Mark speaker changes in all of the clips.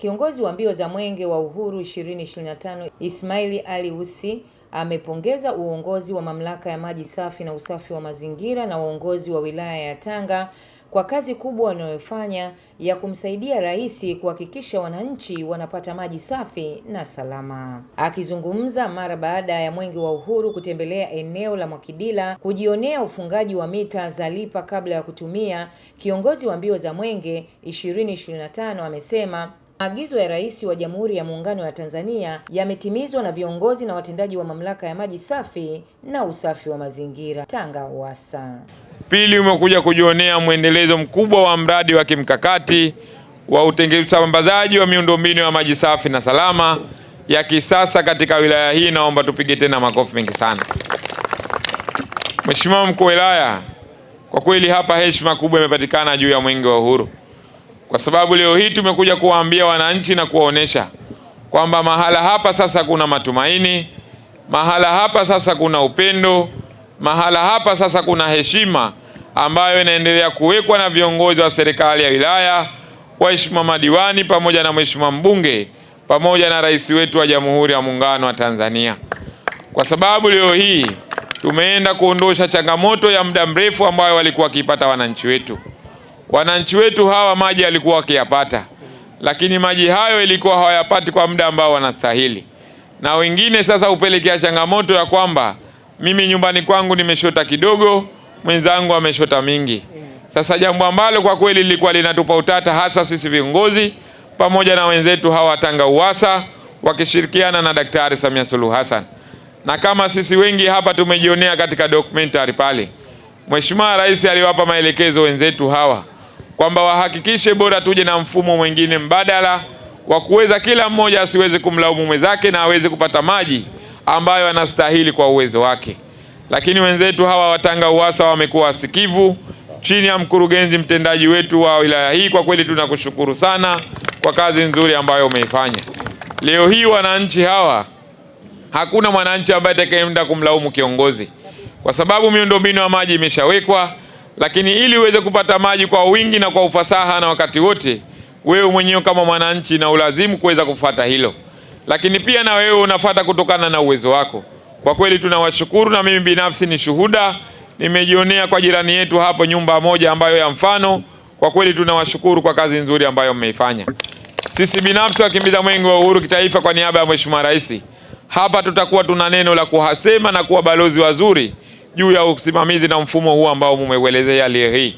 Speaker 1: Kiongozi wa mbio za mwenge wa uhuru 2025 Ismaili Ali usi amepongeza uongozi wa mamlaka ya maji safi na usafi wa mazingira na uongozi wa wilaya ya Tanga kwa kazi kubwa wanayofanya ya kumsaidia rais kuhakikisha wananchi wanapata maji safi na salama. Akizungumza mara baada ya mwenge wa uhuru kutembelea eneo la Mwakidila kujionea ufungaji wa mita za lipa kabla ya kutumia, kiongozi wa mbio za mwenge 2025 amesema Maagizo ya Rais wa Jamhuri ya Muungano wa Tanzania yametimizwa na viongozi na watendaji wa Mamlaka ya Maji Safi na Usafi wa Mazingira Tanga UWASA.
Speaker 2: Pili, umekuja kujionea mwendelezo mkubwa wa mradi wa kimkakati wa usambazaji wa miundombinu ya maji safi na salama ya kisasa katika wilaya hii. Naomba tupige tena makofi mengi sana. Mheshimiwa Mkuu wa Wilaya, kwa kweli hapa heshima kubwa imepatikana juu ya Mwenge wa Uhuru kwa sababu leo hii tumekuja kuwaambia wananchi na kuwaonesha kwamba mahala hapa sasa kuna matumaini, mahala hapa sasa kuna upendo, mahala hapa sasa kuna heshima ambayo inaendelea kuwekwa na viongozi wa serikali ya wilaya, waheshimiwa madiwani pamoja na mheshimiwa mbunge pamoja na rais wetu wa Jamhuri ya Muungano wa Tanzania, kwa sababu leo hii tumeenda kuondosha changamoto ya muda mrefu ambayo walikuwa wakiipata wananchi wetu. Wananchi wetu hawa maji alikuwa wakiyapata, lakini maji hayo ilikuwa hawayapati kwa muda ambao wanastahili, na wengine sasa hupelekea changamoto ya kwamba mimi nyumbani kwangu nimeshota kidogo, mwenzangu ameshota mingi. Sasa jambo ambalo kwa kweli lilikuwa linatupa utata, hasa sisi viongozi pamoja na wenzetu hawa Tanga Uwasa wakishirikiana na Daktari Samia Suluhu Hassan, na kama sisi wengi hapa tumejionea katika documentary pale, Mheshimiwa Rais aliwapa maelekezo wenzetu hawa kwamba wahakikishe bora tuje na mfumo mwingine mbadala wa kuweza kila mmoja asiweze kumlaumu mwenzake na aweze kupata maji ambayo anastahili kwa uwezo wake. Lakini wenzetu hawa Watanga Uwasa wamekuwa wasikivu chini ya mkurugenzi mtendaji wetu wa wilaya hii. Kwa kweli tunakushukuru sana kwa kazi nzuri ambayo umeifanya. Leo hii wananchi hawa, hakuna mwananchi ambaye atakayemda kumlaumu kiongozi, kwa sababu miundombinu ya maji imeshawekwa. Lakini ili uweze kupata maji kwa wingi na kwa ufasaha na wakati wote, wewe mwenyewe kama mwananchi na ulazimu kuweza kufuata hilo, lakini pia na wewe unafuata kutokana na uwezo wako. Kwa kweli tunawashukuru, na mimi binafsi ni shuhuda, nimejionea kwa jirani yetu hapo nyumba moja ambayo ya mfano. Kwa kweli tunawashukuru kwa kazi nzuri ambayo mmeifanya. Sisi binafsi wakimbiza mwenge wa uhuru kitaifa, kwa niaba ya Mheshimiwa Rais, hapa tutakuwa tuna neno la kuhasema na kuwa balozi wazuri juu ya usimamizi na mfumo huu ambao mumeuelezea leo hii,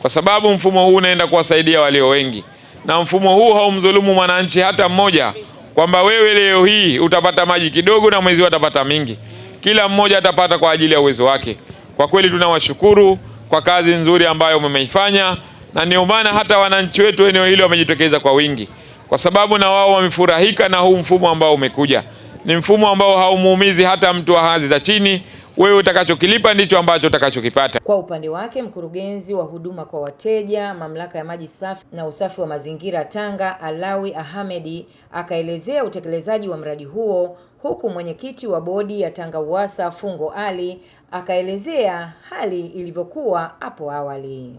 Speaker 2: kwa sababu mfumo huu unaenda kuwasaidia walio wengi, na mfumo huu haumdhulumu mwananchi hata mmoja, kwamba wewe leo hii utapata maji kidogo na mwezi atapata mingi, kila mmoja atapata kwa ajili ya uwezo wake. Kwa kweli tunawashukuru kwa kazi nzuri ambayo mmeifanya, na ndio maana hata wananchi wetu eneo hili wamejitokeza kwa wingi, kwa sababu na wao wamefurahika na huu mfumo ambao umekuja. Ni mfumo ambao haumuumizi hata mtu wa hadhi za chini wewe utakachokilipa ndicho ambacho utakachokipata.
Speaker 1: Kwa upande wake, mkurugenzi wa huduma kwa wateja mamlaka ya maji safi na usafi wa mazingira Tanga, Alawi Ahmedi, akaelezea utekelezaji wa mradi huo, huku mwenyekiti wa bodi ya Tanga Uwasa Fungo Ali akaelezea hali ilivyokuwa hapo awali.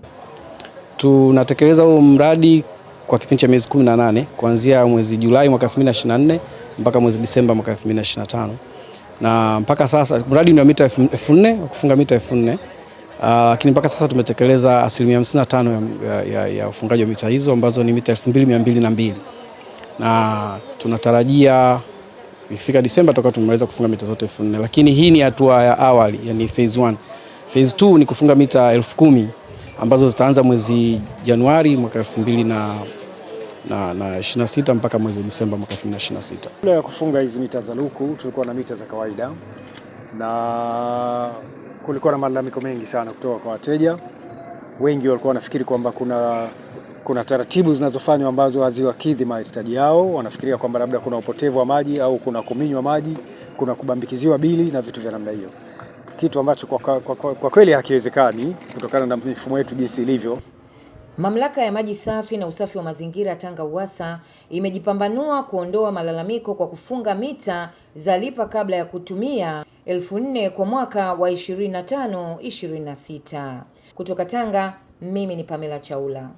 Speaker 3: Tunatekeleza huu mradi kwa kipindi cha miezi 18 kuanzia mwezi Julai mwaka 2024 mpaka mwezi Disemba mwaka 2025 na mpaka sasa mradi ni wa mita 4000 wa kufunga mita elfu nne ah, lakini mpaka sasa tumetekeleza asilimia 55 ya, ya, ya ufungaji wa mita hizo ambazo ni mita 2202 na tunatarajia ikifika Disemba tutakuwa tumemaliza kufunga mita zote 4000, lakini hii ni hatua ya awali, yani phase 1. Phase 2 ni kufunga mita elfu kumi ambazo zitaanza mwezi Januari mwaka elfu na na, na 26 mpaka mwezi Disemba mwaka 2026. Kabla ya kufunga hizi mita za luku tulikuwa na mita za kawaida na kulikuwa na malalamiko mengi sana kutoka kwa wateja. Wengi walikuwa wanafikiri kwamba kuna, kuna taratibu zinazofanywa ambazo haziwakidhi mahitaji yao. Wanafikiria kwamba labda kuna upotevu wa maji au kuna kuminywa maji, kuna kubambikiziwa bili na vitu vya namna hiyo, kitu ambacho kwa, kwa, kwa, kwa kweli hakiwezekani kutokana na mifumo yetu jinsi ilivyo.
Speaker 1: Mamlaka ya Maji Safi na Usafi wa Mazingira Tanga UWASA imejipambanua kuondoa malalamiko kwa kufunga mita za lipa kabla ya kutumia elfu nne kwa mwaka wa 25/26. Kutoka Tanga, mimi ni Pamela Chaula.